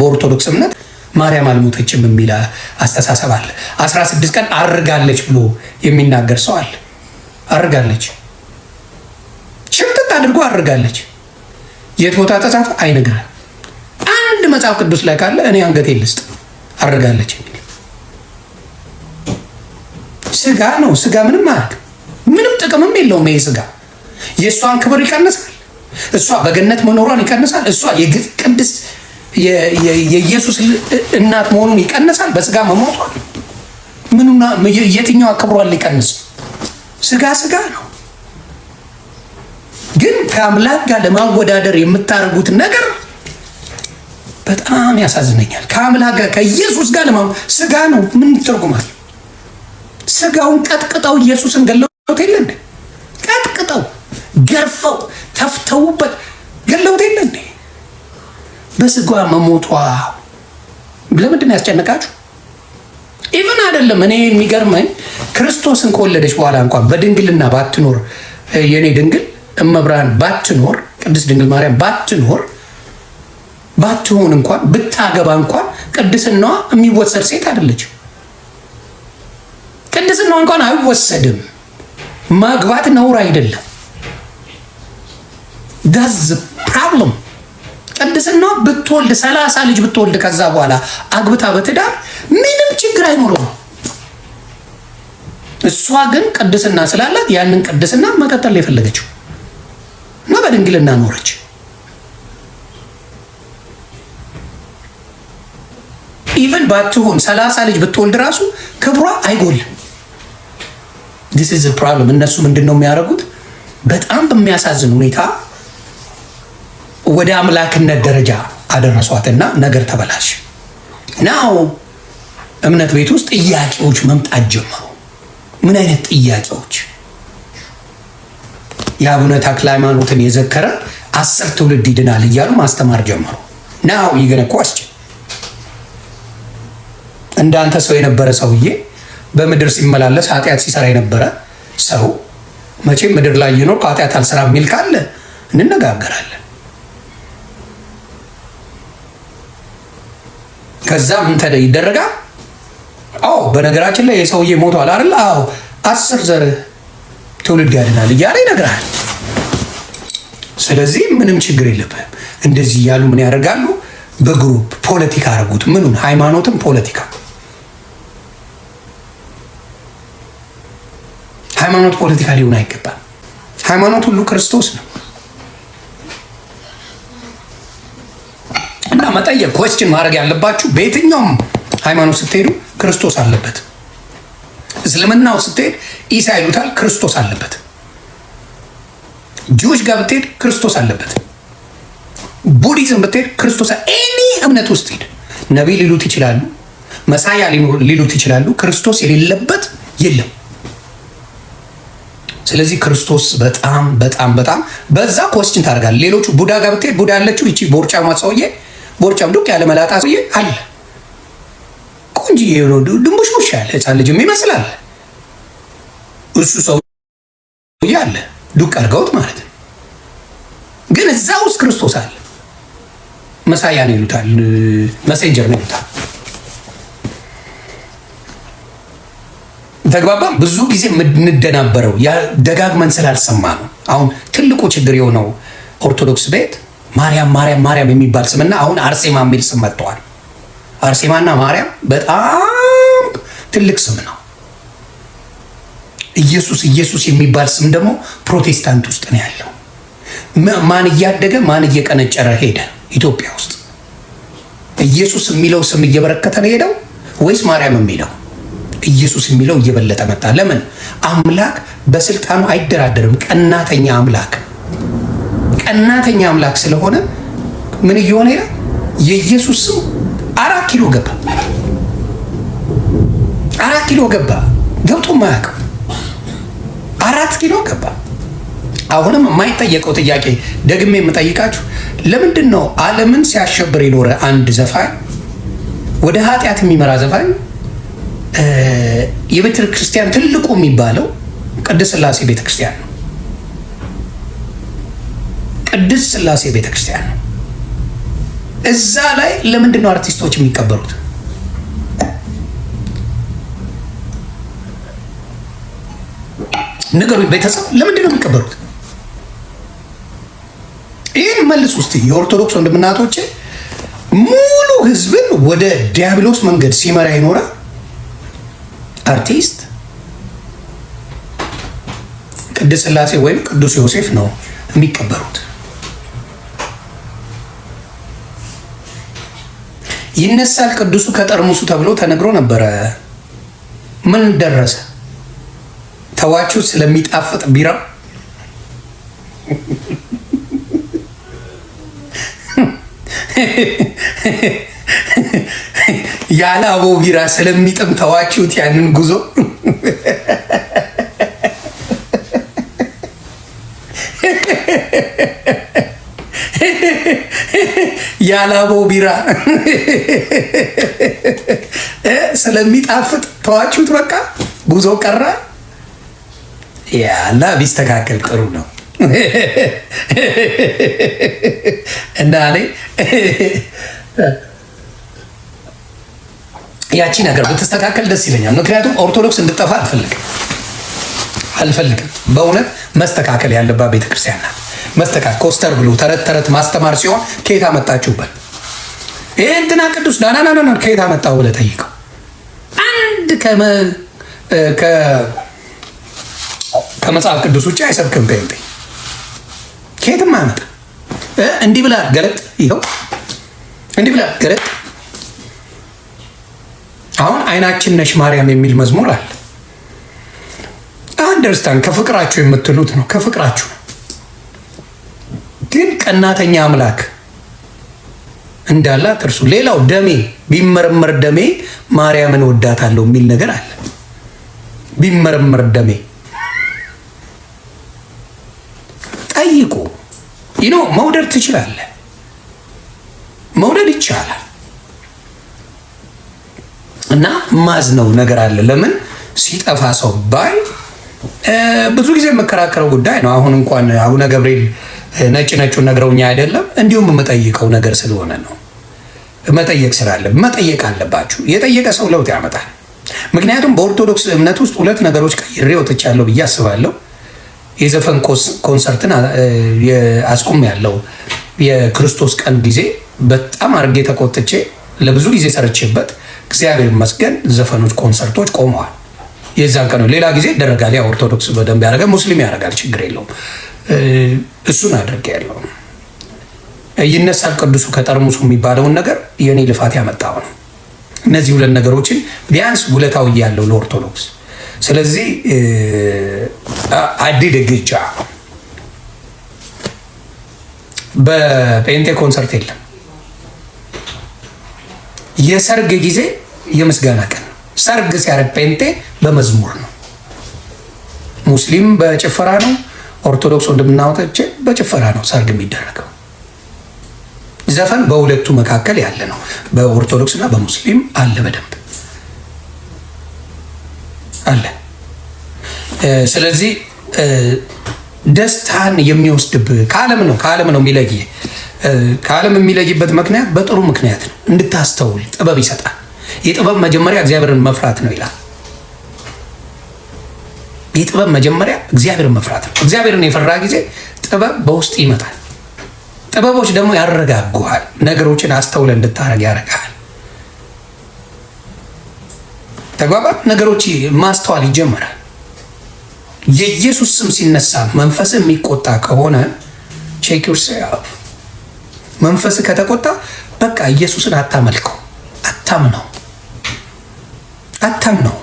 በኦርቶዶክስ እምነት ማርያም አልሞተችም የሚል አስተሳሰብ አለ። ቀን አርጋለች ብሎ የሚናገር ሰው አለ። አርጋለች፣ ሽምጥጥ አድርጎ አርጋለች። የት ቦታ ተጻፈ አይነግራል። አንድ መጽሐፍ ቅዱስ ላይ ካለ እኔ አንገቴ ልስጥ አርጋለች የሚል ስጋ ነው። ስጋ ምንም አያክ ምንም ጥቅምም የለውም። ይሄ ስጋ የእሷን ክብር ይቀንሳል። እሷ በገነት መኖሯን ይቀንሳል። እሷ የቅድስት የኢየሱስ እናት መሆኑን ይቀንሳል? በስጋ መሞቷል ምኑና የትኛው አክብሯል ሊቀንስ? ስጋ ስጋ ነው። ግን ከአምላክ ጋር ለማወዳደር የምታደርጉት ነገር በጣም ያሳዝነኛል። ከአምላክ ጋር ከኢየሱስ ጋር ለማ ስጋ ነው። ምን ትርጉማል? ስጋውን ቀጥቅጠው ኢየሱስን ገለውት የለን? ቀጥቅጠው ገርፈው ተፍተውበት ገለውት የለን? በስጋ መሞቷ ለምንድን ነው ያስጨነቃችሁ? ኢቨን አይደለም እኔ የሚገርመኝ ክርስቶስን ከወለደች በኋላ እንኳን በድንግልና ባትኖር የእኔ ድንግል እመብርሃን ባትኖር ቅድስት ድንግል ማርያም ባትኖር ባትሆን እንኳን ብታገባ እንኳን ቅድስናዋ የሚወሰድ ሴት አይደለች ቅድስናዋ እንኳን አይወሰድም። ማግባት ነውር አይደለም። ዳዝ ፕሮብለም ቅድስና ብትወልድ ሰላሳ ልጅ ብትወልድ ከዛ በኋላ አግብታ በትዳር ምንም ችግር አይኖረውም። እሷ ግን ቅድስና ስላላት ያንን ቅድስና መቀጠል የፈለገችው እና በድንግልና ኖረች። ኢቨን ባትሆን ሰላሳ ልጅ ብትወልድ ራሱ ክብሯ አይጎልም። ዲስ ኢዝ ፕሮብለም። እነሱ ምንድን ነው የሚያደርጉት? በጣም በሚያሳዝን ሁኔታ ወደ አምላክነት ደረጃ አደረሷትና ነገር ተበላሽ። ናው እምነት ቤት ውስጥ ጥያቄዎች መምጣት ጀመሩ። ምን አይነት ጥያቄዎች? የአቡነ ተክለ ሃይማኖትን የዘከረ አስር ትውልድ ይድናል እያሉ ማስተማር ጀመሩ። ናው ይገነኮ አስቸ እንዳንተ ሰው የነበረ ሰውዬ በምድር ሲመላለስ ኃጢአት ሲሰራ የነበረ ሰው መቼም ምድር ላይ ይኖር ከኃጢአት አልሰራ የሚል ካለ እንነጋገራለን። ከዛ ምን ተደ ይደረጋል። አዎ በነገራችን ላይ የሰውዬ ሞቷል አይደል? አዎ አስር ዘር ትውልድ ያድናል እያለ ይነግራል። ስለዚህ ምንም ችግር የለብህም። እንደዚህ እያሉ ምን ያደርጋሉ? በግሩፕ ፖለቲካ አደረጉት። ምኑን ሃይማኖትም ፖለቲካ ሃይማኖት ፖለቲካ ሊሆን አይገባም። ሃይማኖት ሁሉ ክርስቶስ ነው። መጠየቅ ኮስችን ማድረግ ያለባችሁ በየትኛውም ሃይማኖት ስትሄዱ ክርስቶስ አለበት። እስልምናው ስትሄድ ኢሳ ይሉታል፣ ክርስቶስ አለበት። ጂዎች ጋር ብትሄድ ክርስቶስ አለበት። ቡዲዝም ብትሄድ ክርስቶስ ኤኒ እምነት ውስጥ ሄድ ነቢይ ሊሉት ይችላሉ፣ መሳያ ሊሉት ይችላሉ። ክርስቶስ የሌለበት የለም። ስለዚህ ክርስቶስ በጣም በጣም በጣም በዛ ኮስችን ታደርጋል። ሌሎቹ ቡዳ ጋር ብትሄድ ቡዳ ያለችው ይቺ ቦርጫማ ሰውዬ ቦርጫም ዱቅ ያለ መላጣ ሰውዬ አለ። ቆንጆ ድንቡሽቡሽ ያለ ህፃን ልጅም ይመስላል እሱ ሰውዬ አለ። ዱቅ አድርገውት ማለት ነው። ግን እዛ ውስጥ ክርስቶስ አለ። መሳያ ነው ይሉታል፣ መሴንጀር ነው ይሉታል። ተግባባም ብዙ ጊዜ የምንደናበረው ደጋግመን ስላልሰማ ነው። አሁን ትልቁ ችግር የሆነው ኦርቶዶክስ ቤት ማርያም ማርያም ማርያም የሚባል ስምና አሁን አርሴማ የሚል ስም መጥተዋል። አርሴማና ማርያም በጣም ትልቅ ስም ነው። ኢየሱስ ኢየሱስ የሚባል ስም ደግሞ ፕሮቴስታንት ውስጥ ነው ያለው። ማን እያደገ ማን እየቀነጨረ ሄደ? ኢትዮጵያ ውስጥ ኢየሱስ የሚለው ስም እየበረከተ ነው ሄደው ወይስ ማርያም የሚለው ኢየሱስ የሚለው እየበለጠ መጣ? ለምን? አምላክ በስልጣኑ አይደራደርም። ቀናተኛ አምላክ ቀናተኛ አምላክ ስለሆነ ምን እየሆነ ይላል የኢየሱስ ስም አራት ኪሎ ገባ። አራት ኪሎ ገባ ገብቶ ማያውቀው አራት ኪሎ ገባ። አሁንም የማይጠየቀው ጥያቄ ደግሜ የምጠይቃችሁ ለምንድን ነው ዓለምን ሲያሸብር የኖረ አንድ ዘፋኝ ወደ ኃጢአት የሚመራ ዘፋኝ የቤተ ክርስቲያን ትልቁ የሚባለው ቅድስት ሥላሴ ቤተ ክርስቲያን ነው። ቅድስት ስላሴ ቤተክርስቲያን ነው። እዛ ላይ ለምንድን ነው አርቲስቶች የሚቀበሩት? ንገሩኝ ቤተሰብ፣ ለምንድን ነው የሚቀበሩት? ይህን መልስ ውስጥ የኦርቶዶክስ ወንድምናቶቼ ሙሉ ህዝብን ወደ ዲያብሎስ መንገድ ሲመራ ይኖረ አርቲስት ቅድስት ስላሴ ወይም ቅዱስ ዮሴፍ ነው የሚቀበሩት። ይነሳል ቅዱሱ ከጠርሙሱ ተብሎ ተነግሮ ነበረ። ምን ደረሰ? ተዋችሁ ስለሚጣፍጥ ቢራ ያለ አቦ ቢራ ስለሚጥም ተዋችሁት ያንን ጉዞ። የአላባው ቢራ ስለሚጣፍጥ ተዋችሁት። በቃ ጉዞ ቀረ። ያላ ቢስተካከል ጥሩ ነው እና እኔ ያቺ ነገር ብትስተካከል ደስ ይለኛል። ምክንያቱም ኦርቶዶክስ እንድጠፋ አልፈልግም አልፈልግም። በእውነት መስተካከል ያለባት ቤተክርስቲያን ናት። መስተካከል ኮስተር ብሎ ተረት ተረት ማስተማር ሲሆን ከየት አመጣችሁበት? ይህ እንትና ቅዱስ ዳናናና ከየት አመጣው ብለህ ጠይቀው። አንድ ከመጽሐፍ ቅዱስ ውጭ አይሰብክም። ከንቴ ከየትም አመጣ። እንዲህ ብላ ገለጥ፣ ይኸው እንዲህ ብላ ገለጥ። አሁን አይናችን ነሽ ማርያም የሚል መዝሙር አለ። አንደርስታንድ ከፍቅራችሁ የምትሉት ነው። ከፍቅራችሁ ቀናተኛ አምላክ እንዳላት እርሱ ሌላው ደሜ ቢመረመር ደሜ ማርያምን ወዳታለሁ የሚል ነገር አለ። ቢመረመር ደሜ ጠይቁ። ይኖ መውደድ ትችላለህ፣ መውደድ ይቻላል። እና ማዝነው ነገር አለ። ለምን ሲጠፋ ሰው ባይ ብዙ ጊዜ የምከራከረው ጉዳይ ነው። አሁን እንኳን አቡነ ገብርኤል ነጭ ነጩ ነግረውኛ አይደለም። እንዲሁም የምጠይቀው ነገር ስለሆነ ነው። መጠየቅ አለ፣ መጠየቅ አለባችሁ። የጠየቀ ሰው ለውጥ ያመጣል። ምክንያቱም በኦርቶዶክስ እምነት ውስጥ ሁለት ነገሮች ቀይሬ ወጥቻለሁ ብዬ አስባለሁ። የዘፈን ኮንሰርትን አስቁም ያለው የክርስቶስ ቀን ጊዜ በጣም አድርጌ ተቆጥቼ ለብዙ ጊዜ ሰርቼበት እግዚአብሔር ይመስገን ዘፈኖች፣ ኮንሰርቶች ቆመዋል። የዛን ቀን ሌላ ጊዜ ይደረጋል። ያ ኦርቶዶክስ በደንብ ያደርጋል፣ ሙስሊም ያደርጋል፣ ችግር የለውም። እሱን አድርግ ያለው ይነሳል ቅዱሱ ከጠርሙሱ የሚባለውን ነገር የእኔ ልፋት ያመጣው ነው። እነዚህ ሁለት ነገሮችን ቢያንስ ውለታው እያለው ለኦርቶዶክስ ስለዚህ አዲ ደግጃ በጴንጤ ኮንሰርት የለም። የሰርግ ጊዜ የምስጋና ቀን ሰርግ ሲያደርግ ጴንጤ በመዝሙር ነው፣ ሙስሊም በጭፈራ ነው። ኦርቶዶክስ እንደምናወጠች በጭፈራ ነው ሰርግ የሚደረገው። ዘፈን በሁለቱ መካከል ያለ ነው። በኦርቶዶክስ እና በሙስሊም አለ፣ በደንብ አለ። ስለዚህ ደስታን የሚወስድብ ከዓለም ነው ከዓለም ነው የሚለይ ከዓለም የሚለይበት ምክንያት በጥሩ ምክንያት ነው። እንድታስተውል ጥበብ ይሰጣል። የጥበብ መጀመሪያ እግዚአብሔርን መፍራት ነው ይላል። የጥበብ መጀመሪያ እግዚአብሔርን መፍራት ነው። እግዚአብሔርን የፈራ ጊዜ ጥበብ በውስጥ ይመጣል። ጥበቦች ደግሞ ያረጋጉሃል። ነገሮችን አስተውለ እንድታረግ ያረጋል። ተግባባት ነገሮች ማስተዋል ይጀምራል። የኢየሱስ ስም ሲነሳ መንፈስ የሚቆጣ ከሆነ ቼክ መንፈስ ከተቆጣ በቃ ኢየሱስን አታመልከው፣ አታምነው፣ አታምነው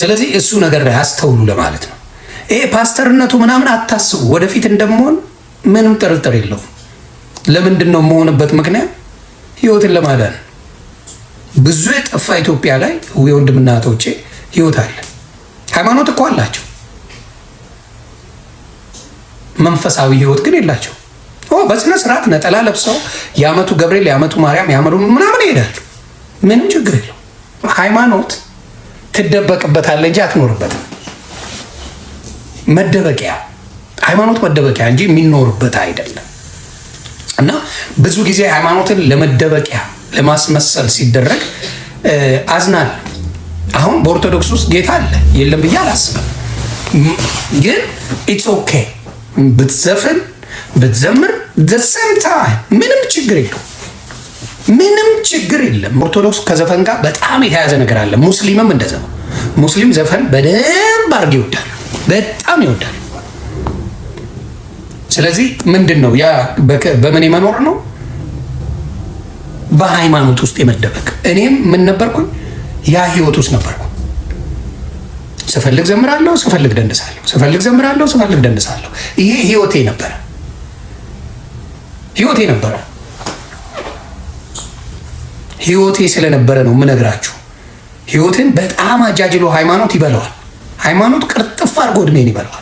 ስለዚህ እሱ ነገር ላይ አስተውሉ ለማለት ነው። ይሄ ፓስተርነቱ ምናምን አታስቡ። ወደፊት እንደመሆን ምንም ጥርጥር የለውም። ለምንድን ነው የመሆንበት ምክንያት ህይወትን ለማዳን ብዙ የጠፋ ኢትዮጵያ ላይ የወንድምና እህቶቼ ህይወት አለ። ሃይማኖት እኮ አላቸው፣ መንፈሳዊ ህይወት ግን የላቸው። በስነ ስርዓት ነጠላ ለብሰው የአመቱ ገብርኤል፣ የአመቱ ማርያም፣ የአመቱ ምናምን ይሄዳሉ። ምንም ችግር የለው ሃይማኖት ትደበቅበታለህ እንጂ አትኖርበትም። መደበቂያ ሃይማኖት መደበቂያ እንጂ የሚኖርበት አይደለም። እና ብዙ ጊዜ ሃይማኖትን ለመደበቂያ ለማስመሰል ሲደረግ አዝናል። አሁን በኦርቶዶክስ ውስጥ ጌታ አለ የለም ብዬ አላስብም። ግን ኢትስ ኦኬ ብትዘፍን ብትዘምር ዘ ምንም ችግር የለውም። ምንም ችግር የለም። ኦርቶዶክስ ከዘፈን ጋር በጣም የተያዘ ነገር አለ። ሙስሊምም እንደዛ ነው። ሙስሊም ዘፈን በደንብ አድርግ ይወዳል፣ በጣም ይወዳል። ስለዚህ ምንድን ነው ያ በምን የመኖር ነው? በሃይማኖት ውስጥ የመደበቅ እኔም ምን ነበርኩኝ? ያ ህይወት ውስጥ ነበርኩ። ስፈልግ ዘምራለሁ፣ ስፈልግ ደንሳለሁ፣ ስፈልግ ዘምራለሁ፣ ስፈልግ ደንሳለሁ። ይሄ ህይወቴ ነበረ፣ ህይወቴ ነበረ። ህይወቴ ስለነበረ ነው የምነግራችሁ። ህይወትን በጣም አጃጅሎ ሃይማኖት ይበለዋል። ሃይማኖት ቅርጥፍ አድርጎ እድሜን ይበለዋል።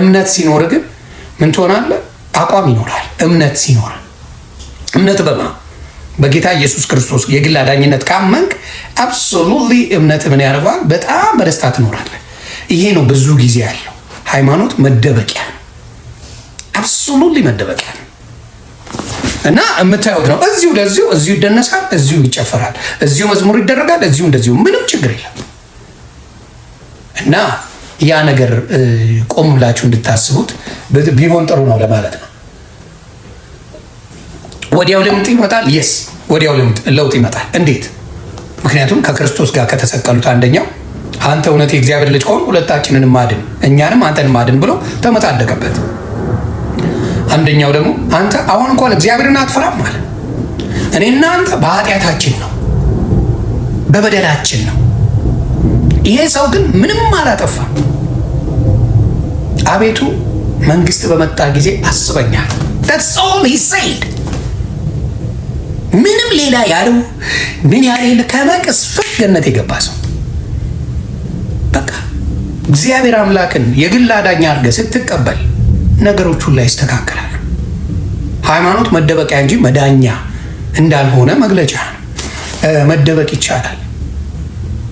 እምነት ሲኖር ግን ምን ትሆናለ? አቋም ይኖራል። እምነት ሲኖር እምነት በማ በጌታ ኢየሱስ ክርስቶስ የግል አዳኝነት ካመንክ አብሶሉትሊ እምነት ምን ያደርገዋል? በጣም በደስታ ትኖራለህ። ይሄ ነው ብዙ ጊዜ ያለው ሃይማኖት መደበቂያ ነው። አብሶሉትሊ መደበቂያ ነው። እና የምታዩት ነው። እዚሁ ለዚሁ እዚሁ ይደነሳል፣ እዚሁ ይጨፈራል፣ እዚሁ መዝሙር ይደረጋል፣ እዚሁ እንደዚሁ ምንም ችግር የለም። እና ያ ነገር ቆም ብላችሁ እንድታስቡት ቢሆን ጥሩ ነው ለማለት ነው። ወዲያው ለውጥ ይመጣል። የስ ወዲያው ለውጥ ይመጣል። እንዴት? ምክንያቱም ከክርስቶስ ጋር ከተሰቀሉት አንደኛው አንተ እውነት የእግዚአብሔር ልጅ ከሆን ሁለታችንን ማድን እኛንም አንተን ማድን ብሎ ተመጻደቀበት። አንደኛው ደግሞ አንተ አሁን እንኳን እግዚአብሔርን አትፈራም አለ። እኔ እናንተ በኃጢአታችን ነው በበደላችን ነው። ይሄ ሰው ግን ምንም አላጠፋም። አቤቱ መንግስት በመጣ ጊዜ አስበኛል። ተጾም ይሰይድ ምንም ሌላ ያለው ምን ያለ ከመቅስፈት ገነት የገባ ሰው በቃ እግዚአብሔር አምላክን የግል አዳኝ አድርገህ ስትቀበል ነገሮች ሁላ ይስተካከላሉ። ሃይማኖት መደበቂያ እንጂ መዳኛ እንዳልሆነ መግለጫ ነው። መደበቅ ይቻላል፣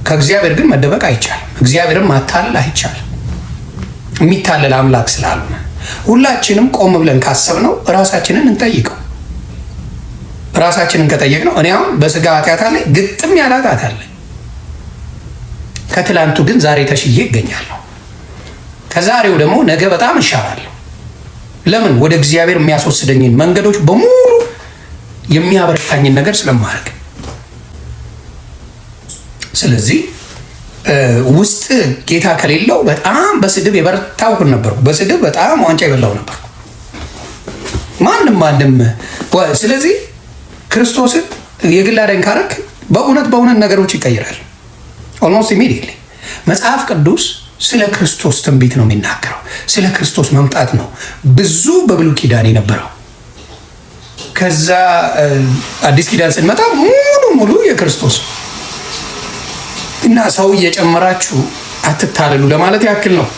ከእግዚአብሔር ግን መደበቅ አይቻልም። እግዚአብሔርም ማታለል አይቻልም፣ የሚታለል አምላክ ስላልሆነ። ሁላችንም ቆም ብለን ካሰብነው ራሳችንን እንጠይቀው። ራሳችንን ከጠየቅነው እኔ አሁን በስጋ ኃጢአት አለ ግጥም ያላጣት አለ ከትላንቱ ግን ዛሬ ተሽዬ ይገኛለሁ። ከዛሬው ደግሞ ነገ በጣም እሻላለሁ። ለምን ወደ እግዚአብሔር የሚያስወስደኝን መንገዶች በሙሉ የሚያበረታኝን ነገር ስለማድረግ። ስለዚህ ውስጥ ጌታ ከሌለው በጣም በስድብ የበረታሁ ነበር በስድብ በጣም ዋንጫ የበላው ነበር። ማንም ማንም ስለዚህ ክርስቶስን የግል አዳኝ ካረክ በእውነት በእውነት ነገሮች ይቀይራል። ኦልሞስት ኢሚዲየትሊ መጽሐፍ ቅዱስ ስለ ክርስቶስ ትንቢት ነው የሚናገረው። ስለ ክርስቶስ መምጣት ነው ብዙ በብሉይ ኪዳን የነበረው። ከዛ አዲስ ኪዳን ስንመጣ ሙሉ ሙሉ የክርስቶስ እና ሰው እየጨመራችሁ አትታለሉ ለማለት ያክል ነው።